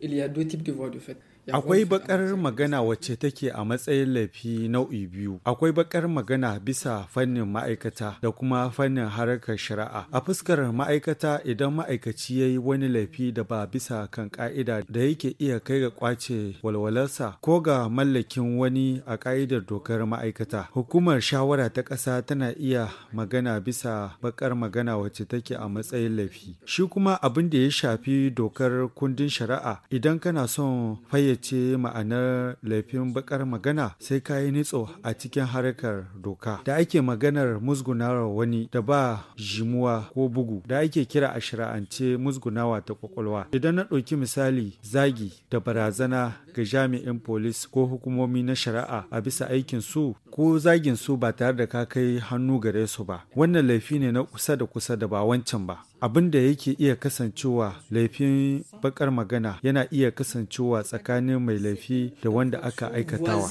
Il y a deux types de voix de fait. Akwai bakar magana wacce take a matsayin laifi nau'i biyu. Akwai bakar magana bisa fannin ma'aikata da kuma fannin harkar shari'a. A fuskar ma'aikata idan ma'aikaci ya yi wani laifi da ba bisa kan ka'ida da yake iya kai ga kwace walwalarsa ko ga mallakin wani a ka'idar dokar ma'aikata. Hukumar shawara ta ƙasa tana iya magana bisa bakar magana wacce take a matsayin laifi. Shi kuma abin da ya shafi dokar kundin shari'a idan kana son fayyace ce ma'anar laifin bakar magana sai ka yi nitso a cikin harkar doka da ake maganar musgunawa wani da ba jimuwa ko bugu da ake kira a shari'ance musgunawa ta kwakwalwa idan na ɗauki misali zagi da barazana ga jami'in polis ko hukumomi na shari'a a bisa aikin su ko zagin su ba tare da ka kai hannu gare su ba wannan laifi ne na kusa da kusa da ba wancan ba abin da yake iya kasancewa laifin bakar magana yana iya kasancewa tsakanin mai laifi da wanda aka aikatawa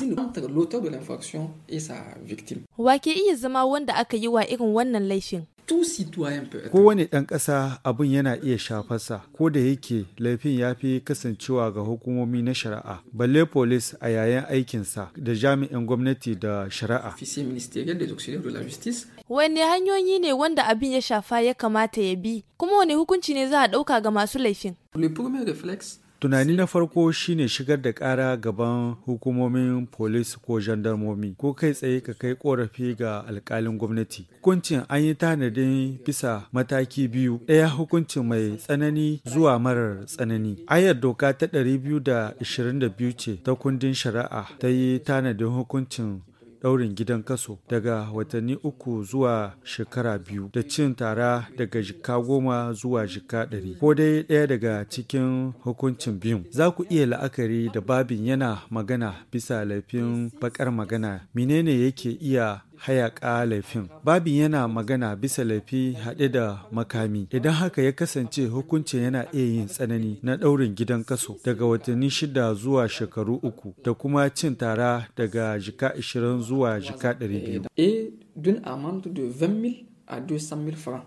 wa ke iya zama wanda aka yi wa irin wannan laifin Kowane ɗan ƙasa abin yana iya shafarsa, ko da yake laifin ya fi kasancewa ga hukumomi na shari'a, balle police a yayin aikinsa da jami'in gwamnati da shari'a. Wane hanyoyi ne wanda abin ya shafa ya kamata ya bi, kuma wani hukunci ne za a ɗauka ga masu laifin? Tunani na farko shine shigar da ƙara gaban hukumomin polis ko jandarmomi ko kai tsaye ka kai korafi ga alkalin gwamnati. Hukuncin an yi tanadin bisa mataki biyu, ɗaya hukuncin mai tsanani zuwa marar tsanani. Ayar doka ta 222 ce ta kundin shari'a ta yi tanadin hukuncin ɗaurin gidan kaso daga watanni uku zuwa shekara biyu da cin tara daga jika goma zuwa jika ɗari ko dai ɗaya daga cikin hukuncin biyun za ku iya la'akari da babin yana magana bisa laifin bakar magana menene yake iya hayaƙa laifin. Babin yana magana bisa laifi haɗe da makami. Idan haka ya kasance hukuncin yana iya yin tsanani na ɗaurin gidan kaso daga watanni shida zuwa shekaru uku da kuma cin tara daga jika ashirin zuwa jika ɗari biyu. a 200 000 francs.